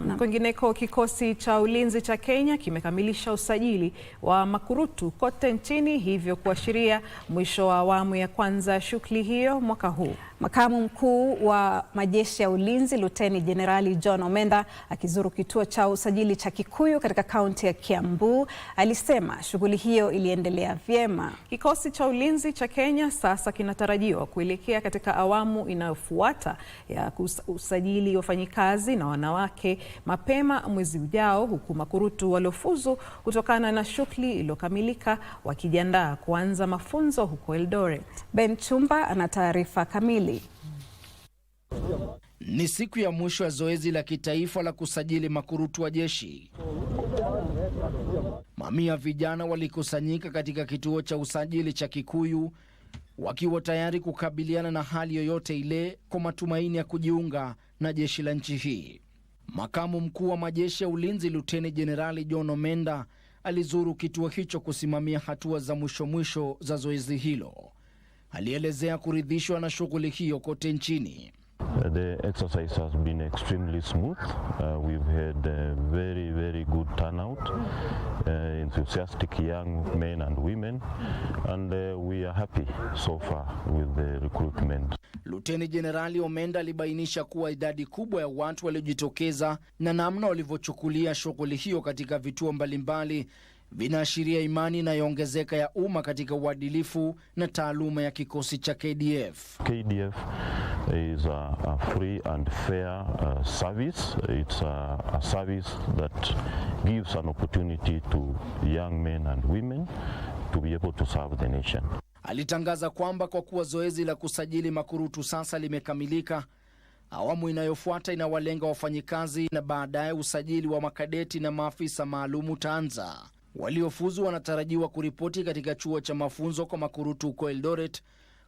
Kwingineko, kikosi cha ulinzi cha Kenya kimekamilisha usajili wa makurutu kote nchini, hivyo kuashiria mwisho wa awamu ya kwanza ya shughuli hiyo mwaka huu. Makamu mkuu wa majeshi ya ulinzi Luteni Jenerali John Omenda akizuru kituo cha usajili cha Kikuyu katika kaunti ya Kiambu alisema shughuli hiyo iliendelea vyema. Kikosi cha ulinzi cha Kenya sasa kinatarajiwa kuelekea katika awamu inayofuata ya usajili wafanyikazi na wanawake mapema mwezi ujao, huku makurutu waliofuzu kutokana na shughuli iliyokamilika wakijiandaa kuanza mafunzo huko Eldoret. Ben Chumba ana taarifa kamili. Ni siku ya mwisho ya zoezi la kitaifa la kusajili makurutu wa jeshi. Mamia vijana walikusanyika katika kituo cha usajili cha Kikuyu wakiwa tayari kukabiliana na hali yoyote ile kwa matumaini ya kujiunga na jeshi la nchi hii. Makamu mkuu wa majeshi ya ulinzi Luteni Jenerali John Omenda alizuru kituo hicho kusimamia hatua za mwisho mwisho za zoezi hilo. Alielezea kuridhishwa na shughuli hiyo kote nchini the exercise has been extremely smooth. Uh, we've had a very, very good turnout, uh, enthusiastic young men and women, and uh, we are happy so far with the recruitment. Luteni Jenerali Omenda alibainisha kuwa idadi kubwa ya watu waliojitokeza na namna walivyochukulia shughuli hiyo katika vituo mbalimbali vinaashiria imani inayoongezeka ya umma katika uadilifu na taaluma ya kikosi cha KDF. KDF is a, a free and fair uh, service. It's a, a service that gives an opportunity to young men and women to be able to serve the nation. Alitangaza kwamba kwa kuwa zoezi la kusajili makurutu sasa limekamilika, awamu inayofuata inawalenga wafanyikazi na baadaye usajili wa makadeti na maafisa maalum taanza. Waliofuzu wanatarajiwa kuripoti katika chuo cha mafunzo kwa makurutu huko Eldoret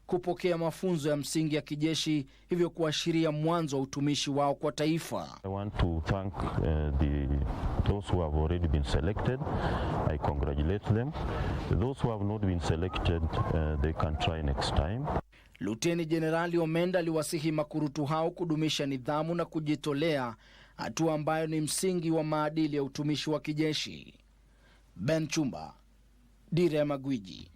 kupokea mafunzo ya msingi ya kijeshi, hivyo kuashiria mwanzo wa utumishi wao kwa taifa. I want to thank, uh, the, those who have already been selected. I congratulate them. Those who have not been selected, uh, they can try next time. Luteni Jenerali Omenda aliwasihi makurutu hao kudumisha nidhamu na kujitolea, hatua ambayo ni msingi wa maadili ya utumishi wa kijeshi. Ben Chumba, Dira ya Magwiji.